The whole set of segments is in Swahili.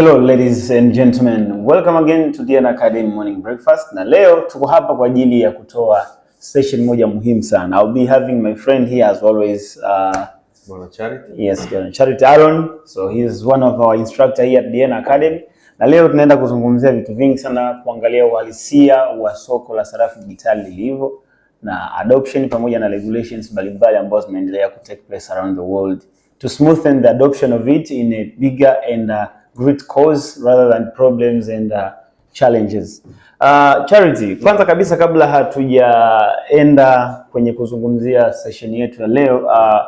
Hello ladies and gentlemen, welcome again to Diena Academy Morning Breakfast. Na leo tuko hapa kwa ajili ya kutoa session moja muhimu sana. I'll be having my friend here as always, uh, Bwana Charity. Yes, Bwana Charity Aaron. So he is one of our instructor here at Diena Academy. Na leo tunaenda kuzungumzia vitu vingi sana, kuangalia uhalisia wa soko la sarafu digitali lilivyo na adoption pamoja na regulations mbalimbali ambazo zinaendelea ku take place around the world to smoothen the adoption of it in a bigger and uh, root cause rather than problems and uh, challenges. Uh, Charity, kwanza kabisa kabla hatujaenda kwenye kuzungumzia session yetu ya leo uh,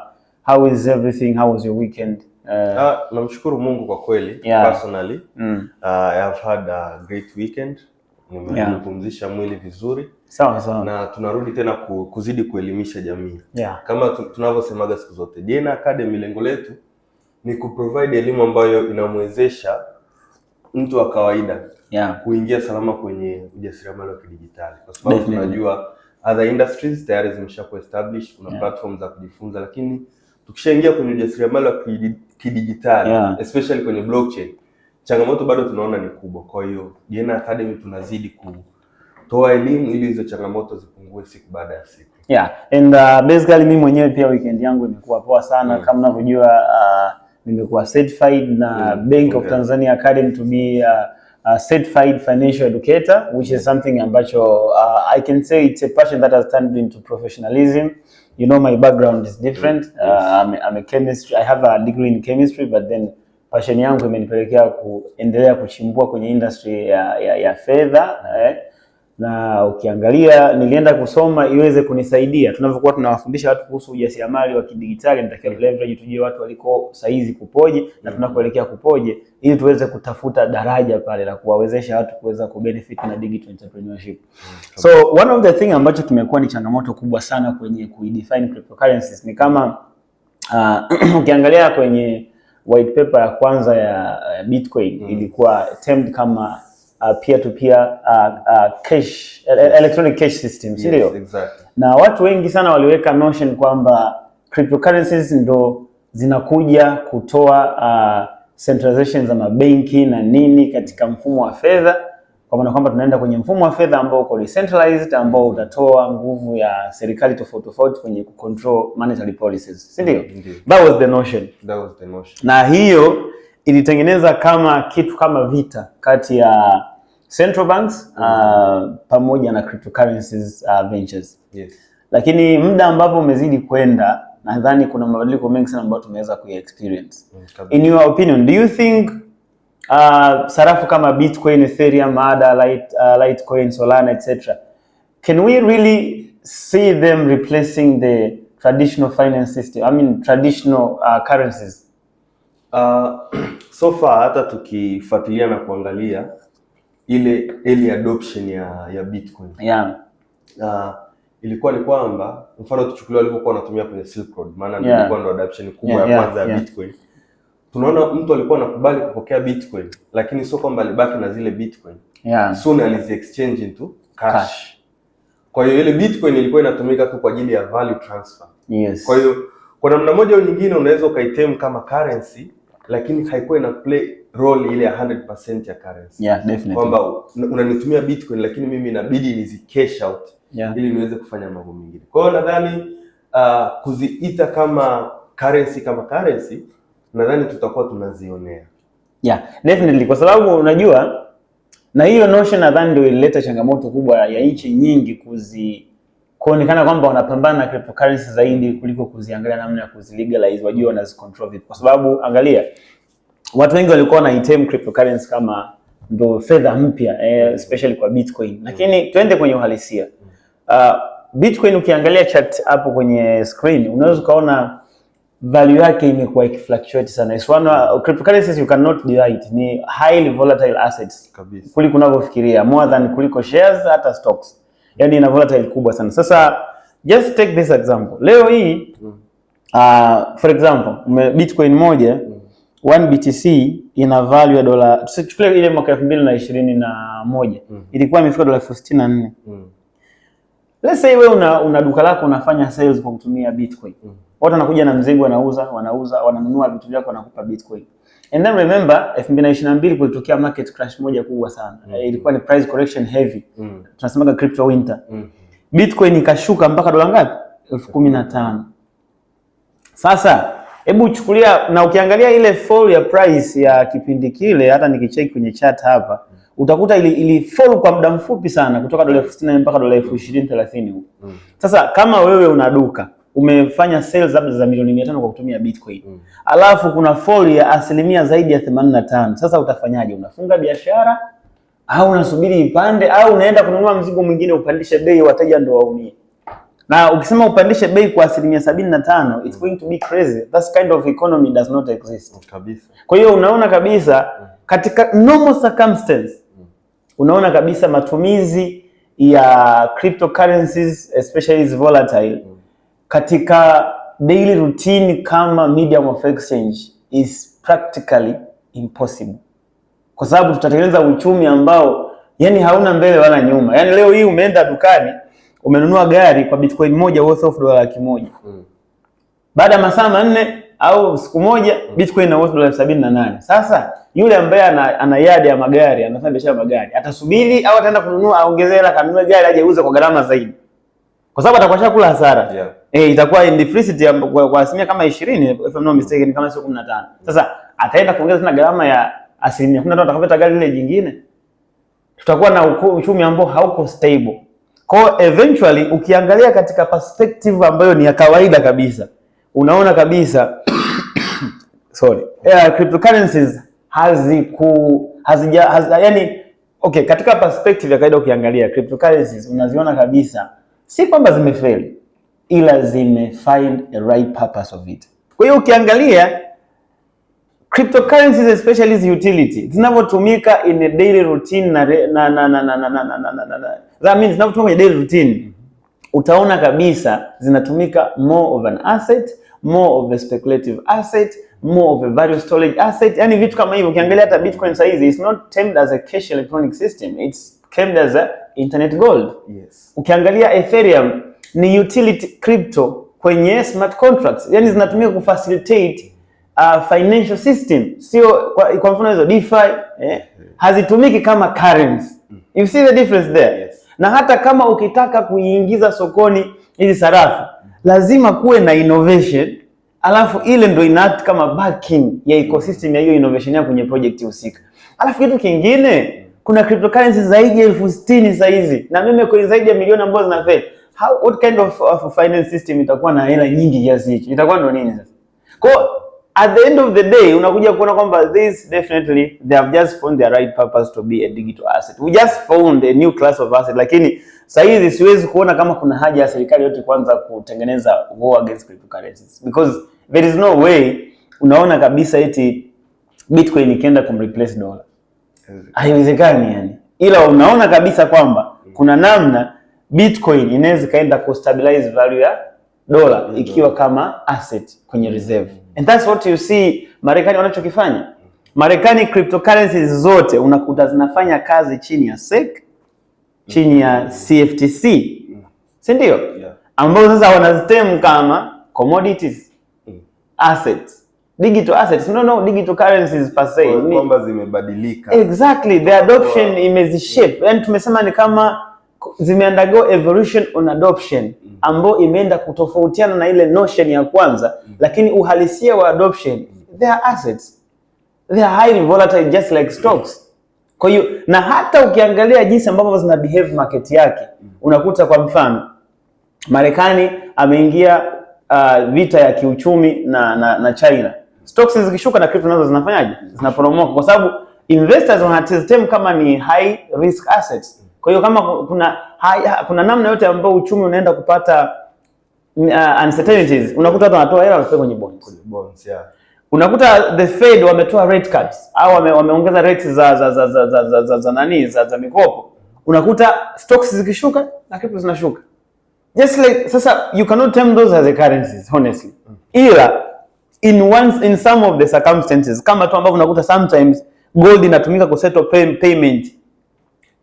how is everything? How was your weekend? Uh, uh, namshukuru Mungu kwa kweli yeah. Personally mm. uh, I have had a great weekend nimepumzisha yeah. mwili vizuri sawa sawa, na tunarudi tena kuzidi kuelimisha jamii yeah. kama tunavyosemaga siku zote Jena Academy lengo letu ni kuprovide elimu ambayo inamwezesha mtu wa kawaida yeah, kuingia salama kwenye ujasiriamali wa kidijitali, kwa sababu tunajua other industries tayari zimeshakuwa established, kuna yeah, platform za kujifunza, lakini tukishaingia kwenye ujasiriamali wa kidijitali yeah, especially kwenye blockchain, changamoto bado tunaona ni kubwa. Kwa hiyo Jena Academy tunazidi ku toa elimu ili hizo changamoto zipungue siku baada ya siku. Yeah, and uh, basically mimi mwenyewe pia weekend yangu imekuwa poa sana mm, kama unavyojua uh, nimekuwa certified na mm, Bank okay. of Tanzania Academy to be a, a certified financial educator which is something ambacho uh, I can say it's a passion that has turned into professionalism. You know my background is different. Mm, uh, I'm, I'm a chemist I have a degree in chemistry but then passion yangu imenipelekea kuendelea kuchimbua kwenye industry ya, ya, ya fedha eh na ukiangalia, nilienda kusoma iweze kunisaidia. Tunavyokuwa tunawafundisha watu kuhusu ujasiriamali wa kidigitali, natakiwa leverage, tujue watu waliko saizi kupoje na tunakoelekea kupoje, ili tuweze kutafuta daraja pale la kuwawezesha watu kuweza kubenefit na digital entrepreneurship. So one of the thing ambacho tumekuwa ni changamoto kubwa sana kwenye kuidefine cryptocurrencies ni kama uh, ukiangalia kwenye white paper ya kwanza ya Bitcoin mm. ilikuwa termed kama peer to peer uh, uh, cash, yes. Uh, uh, electronic cash system si ndio? Yes, exactly. Na watu wengi sana waliweka notion kwamba cryptocurrencies ndo zinakuja kutoa uh, centralization za mabenki na nini katika mfumo wa fedha, kwa maana kwamba tunaenda kwenye mfumo wa fedha ambao uko decentralized, ambao utatoa nguvu ya serikali tofauti tofauti kwenye control monetary policies, si mm, ndio? That was the notion, that was the notion. Na hiyo ilitengeneza kama kitu kama vita kati ya central banks mm. uh, mm. pamoja na cryptocurrencies uh, ventures yes. Lakini muda ambavyo umezidi kwenda, nadhani kuna mabadiliko mengi sana ambayo tumeweza kuya experience mm. In your opinion do you think uh, sarafu kama Bitcoin, Ethereum, ADA, Lite, uh, Litecoin, Solana etc can we really see them replacing the traditional finance system I mean traditional uh, currencies uh, so far hata tukifuatilia na kuangalia ile early adoption ya ya Bitcoin. Yeah. Uh, ilikuwa ni kwamba mfano tuchukulia walivyokuwa wanatumia kwenye Silk Road, maana yeah. ilikuwa ndo adoption kubwa yeah, ya kwanza yeah, ya Bitcoin. Yeah. Tunaona mtu alikuwa anakubali kupokea Bitcoin, lakini sio kwamba alibaki na zile Bitcoin. Yeah. Soon alizi exchange into cash. Cash. Kwa hiyo ile Bitcoin ilikuwa inatumika tu kwa ajili ya value transfer. Yes. Kwa hiyo kwa namna moja au nyingine unaweza ukaitem kama currency lakini haikuwa ina play role ile ya 100% ya currency. Yeah, definitely. Kwamba unanitumia Bitcoin lakini mimi inabidi nizi cash out yeah, ili niweze kufanya mambo mengine. Kwa hiyo nadhani uh, kuziita kama currency kama currency nadhani tutakuwa tunazionea. Yeah, definitely kwa sababu unajua na hiyo notion nadhani ndio ilileta changamoto kubwa ya nchi nyingi kuzi kuonekana kwamba wanapambana na cryptocurrency zaidi kuliko kuziangalia namna ya kuzilegalize, wajue wanazicontrol vipi, kwa sababu angalia, watu wengi walikuwa na wanaitem cryptocurrency kama ndo fedha mpya eh, mm. especially kwa Bitcoin, mm. lakini twende kwenye uhalisia uh, Bitcoin ukiangalia chart hapo kwenye screen unaweza ukaona value yake imekuwa ikifluctuate sana. It's one uh, cryptocurrencies you cannot derive ni highly volatile assets kabisa kuliko unavyofikiria, more than kuliko shares hata stocks. Mm yani ina volatile kubwa sana. Sasa just take this example. Leo hii mm. uh, for example ume Bitcoin moja 1 mm. BTC ina value ya dola, tusichukulie ile mwaka 2021 mm. ilikuwa imefika dola elfu sitini na nne. Let's say wewe una, una duka lako unafanya sales kwa kutumia Bitcoin. Mm. Watu wanakuja na mzigo wanauza, wanauza, wananunua vitu vyako wanakupa Bitcoin. And then remember 2022 kulitokea market crash moja kubwa sana. Mm. Eh, ilikuwa ni price correction heavy. Mm tunasemaga crypto winter mm. Bitcoin ikashuka mpaka dola ngapi? elfu kumi na tano. Sasa hebu chukulia na ukiangalia ile fall ya price ya kipindi kile, hata nikicheki kwenye chat hapa utakuta ili, ili fall kwa muda mfupi sana kutoka dola elfu sitini mpaka dola elfu ishirini thelathini huko. Mm-hmm. Sasa kama wewe una duka umefanya sales labda za milioni mia tano kwa kutumia Bitcoin mm. alafu kuna fall ya asilimia zaidi ya 85, sasa utafanyaje? Unafunga biashara mm au unasubiri ipande au unaenda kununua mzigo mwingine upandishe bei, wateja ndio waumie. Na ukisema upandishe bei kwa asilimia sabini na tano it's going to be crazy. That kind of economy does not exist kabisa. Kwa hiyo unaona kabisa katika normal circumstances, unaona kabisa matumizi ya cryptocurrencies especially is volatile katika daily routine kama medium of exchange is practically impossible kwa sababu tutatengeneza uchumi ambao yani hauna mbele wala nyuma. Yani leo hii umeenda dukani umenunua gari kwa bitcoin moja worth of dola laki moja mm. baada ya masaa manne au siku moja mm. bitcoin na worth dola elfu sabini na nane. Sasa yule ambaye ana, ana yadi ya magari anafanya biashara ya magari atasubiri au ataenda kununua aongezee hela kanunue gari aje auze kwa gharama zaidi, kwa sababu atakuwa shakula hasara yeah. Eh, itakuwa in indiflicity kwa asilimia kama 20 if I'm not mistaken, kama sio 15. Sasa ataenda kuongeza tena gharama ya asilimia kumi na tano atakavyoleta gari lile jingine, tutakuwa na uchumi ambao hauko stable. Kwa eventually ukiangalia katika perspective ambayo ni ya kawaida kabisa, unaona kabisa sorry, uh, cryptocurrencies haziku hazija haz, yani okay, katika perspective ya kawaida ukiangalia cryptocurrencies unaziona kabisa, si kwamba zimefail, ila zime find a right purpose of it. Kwa hiyo ukiangalia Cryptocurrencies especially is utility zinavyotumika in a daily routine na na na na na na na na na that means zinavyotumika kwenye daily routine, utaona kabisa zinatumika more of an asset, more of a speculative asset, more of a value storage asset, yani vitu kama hivyo. Ukiangalia hata Bitcoin size hizi it's not termed as a cash electronic system, it's termed as a internet gold. Yes. Ukiangalia Ethereum ni utility crypto kwenye smart contracts, yani zinatumika kufacilitate uh, financial system sio kwa, kwa mfano hizo DeFi eh, hazitumiki kama currency. You see the difference there yes. Na hata kama ukitaka kuingiza sokoni hizi sarafu lazima kuwe na innovation alafu ile ndo inaact kama backing ya ecosystem ya hiyo innovation yako kwenye project husika. Alafu kitu kingine, kuna cryptocurrency zaidi ya elfu sitini sasa hizi na mimi kwa zaidi ya milioni ambazo zina zinafeli. How what kind of, of finance system itakuwa na hela nyingi kiasi hicho? Itakuwa ndio nini sasa? Kwa at the end of the day unakuja kuona kwamba this definitely they have just found their right purpose to be a digital asset. We just found a new class of asset, lakini sasa hizi siwezi kuona kama kuna haja ya serikali yote kwanza kutengeneza war against cryptocurrencies because there is no way unaona kabisa eti Bitcoin ikienda kumreplace dola, haiwezekani yani, ila unaona kabisa kwamba kuna namna Bitcoin inaweza kaenda kustabilize value ya dola ikiwa kama asset kwenye reserve. And that's what you see Marekani wanachokifanya. Marekani cryptocurrencies zote unakuta zinafanya kazi chini ya SEC, chini ya CFTC. Si ndio? Ambao sasa wanazitem kama commodities, mm. assets, digital assets. No, no, digital currencies per se. Kwamba zimebadilika. Exactly, the adoption imezishape. Yaani tumesema ni kama zimeundergo evolution on adoption mm. ambayo imeenda kutofautiana na ile notion ya kwanza, mm. lakini uhalisia wa adoption mm. they are assets, they are highly volatile just like stocks. Kwa hiyo na hata ukiangalia jinsi ambavyo zina behave market yake, unakuta kwa mfano Marekani ameingia uh, vita ya kiuchumi na, na, na China, stocks zikishuka na crypto nazo zinafanyaje? Zinaporomoka, kwa sababu investors wanatizitem kama ni high risk assets kwa hiyo kama kuna haya, kuna namna yote ambayo uchumi unaenda kupata uh, uncertainties, unakuta watu wanatoa hela wanapeleka kwenye bonds. Kwenye bonds, yeah. Unakuta the Fed wametoa rate cuts au wame, wameongeza rates za za za za za, za, za, za nani za, za mikopo. Unakuta stocks zikishuka na crypto zinashuka. Just like sasa you cannot term those as a currencies honestly. Mm. Ila in once in some of the circumstances kama tu ambavyo unakuta sometimes gold inatumika ku settle pay, payment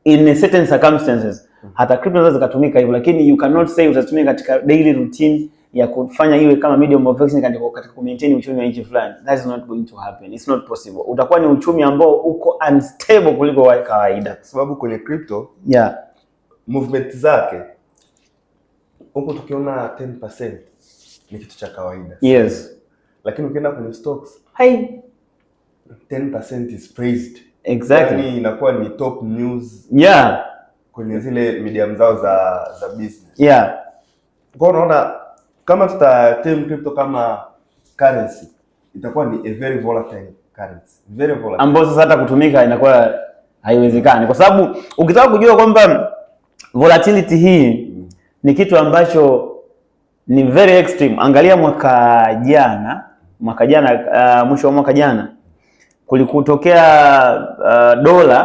in certain circumstances hata crypto zinaweza zikatumika hivyo, lakini you cannot say utatumia katika daily routine ya kufanya iwe kama medium of exchange katika katika ku maintain uchumi wa nchi fulani. That is not going to happen, it's not possible. Utakuwa ni uchumi ambao uko unstable kuliko wa kawaida, sababu kwenye crypto yeah, movement zake huko tukiona 10% ni kitu cha kawaida yes, lakini ukienda kwenye stocks hai 10% is praised exactly. Yani inakuwa ni top news yeah, kwenye zile medium zao za za business yeah. Kwa unaona kama tuta term crypto kama currency itakuwa ni a very volatile currency, very volatile, ambapo sasa hata kutumika inakuwa haiwezekani, kwa sababu ukitaka kujua kwamba volatility hii mm, ni kitu ambacho ni very extreme. Angalia mwaka jana mwaka jana uh, mwisho wa mwaka jana mm kulikutokea uh, dola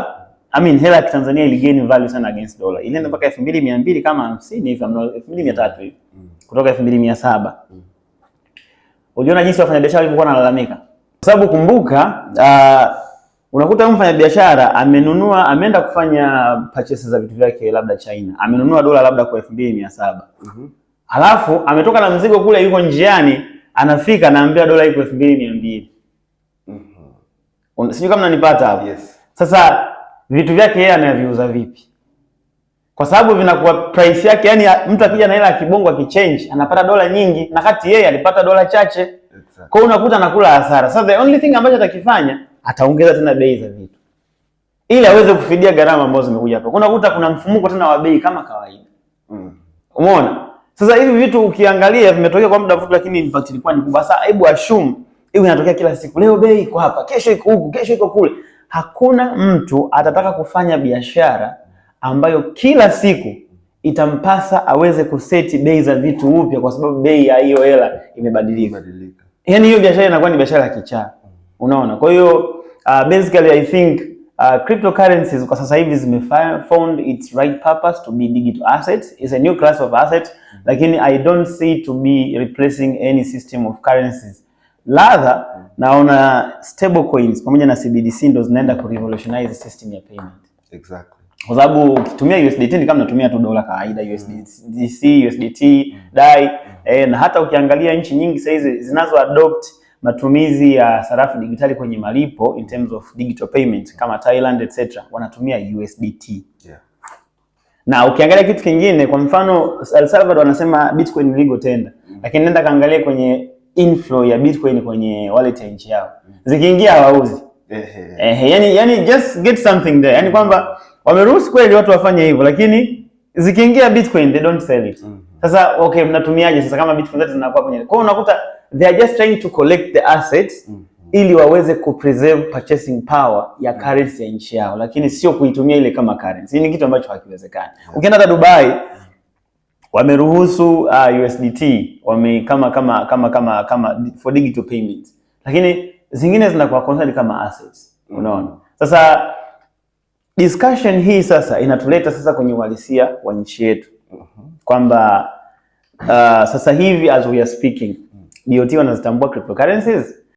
I mean hela ya Tanzania iligeni value sana against dola. Ilienda mpaka 2200 kama 50 hivi, 2300 hivi. Mm. Kutoka 2700. Mm. Uliona jinsi wafanyabiashara walivyokuwa wanalalamika. Kwa sababu kumbuka, uh, unakuta mfanyabiashara amenunua, ameenda kufanya purchases za vitu vyake labda China. Amenunua dola labda kwa 2700. Mm -hmm. Alafu ametoka na mzigo kule, yuko njiani, anafika anaambia dola iko 2200. Sijui kama nanipata hapo. Yes. Sasa vitu vyake yeye anaviuza vipi? Kwa sababu vinakuwa price yake, yani mtu akija na hela ya kibongo akichange anapata dola nyingi na kati yeye alipata dola chache. Exactly. Kwa hiyo unakuta anakula hasara. Sasa the only thing ambacho atakifanya ataongeza tena bei za vitu ili aweze kufidia gharama ambazo zimekuja hapo. Unakuta kuna mfumuko tena wa bei kama kawaida. Mm. Umeona? Sasa hivi vitu ukiangalia vimetokea kwa muda mfupi, lakini impact ilikuwa ni kubwa. Sasa hebu assume hiyo inatokea kila siku. Leo bei iko hapa, kesho iko huku, kesho iko kule. Hakuna mtu atataka kufanya biashara ambayo kila siku itampasa aweze kuseti bei za vitu upya, kwa sababu bei ya hiyo hela imebadilika. Yaani hiyo biashara inakuwa ni biashara ya kichaa, unaona. Kwa hiyo uh, basically I think uh, cryptocurrencies kwa sasa hivi zimefound its right purpose to be digital assets, is a new class of asset, mm. lakini I don't see to be replacing any system of currencies ladha naona stable coins pamoja na CBDC ndo zinaenda ku revolutionize system ya payment. Exactly. Kwa sababu ukitumia USDT ni kama unatumia tu dola kawaida USDC, USDT, mm. DAI eh, na hata ukiangalia nchi nyingi sasa hizi zinazo adopt matumizi ya sarafu digitali kwenye malipo in terms of digital payment kama Thailand etc wanatumia USDT. Yeah. Na ukiangalia kitu kingine, kwa mfano El Salvador wanasema Bitcoin legal tender, mm. lakini nenda kaangalie kwenye inflow ya Bitcoin kwenye wallet ya nchi yao, mm. zikiingia hawauzi. Eh, yani yani just get something there, yani mm. kwamba wameruhusu kweli watu wafanye hivyo, lakini zikiingia Bitcoin they don't sell it. Mm-hmm. Sasa okay, mnatumiaje sasa kama Bitcoin zote zinakuwa kwenye? Kwa hiyo unakuta they are just trying to collect the assets mm-hmm. ili waweze ku preserve purchasing power ya currency ya nchi yao, lakini sio kuitumia ile kama currency. Ni kitu ambacho hakiwezekani. Ukienda hata Dubai wameruhusu uh, ah, USDT wame kama kama kama kama kama for digital payments, lakini zingine zinakuwa considered kama assets. Mm. Unaona, sasa discussion hii sasa inatuleta sasa kwenye uhalisia wa nchi yetu mm-hmm. kwamba uh, sasa hivi as we are speaking mm. DOT wanazitambua cryptocurrencies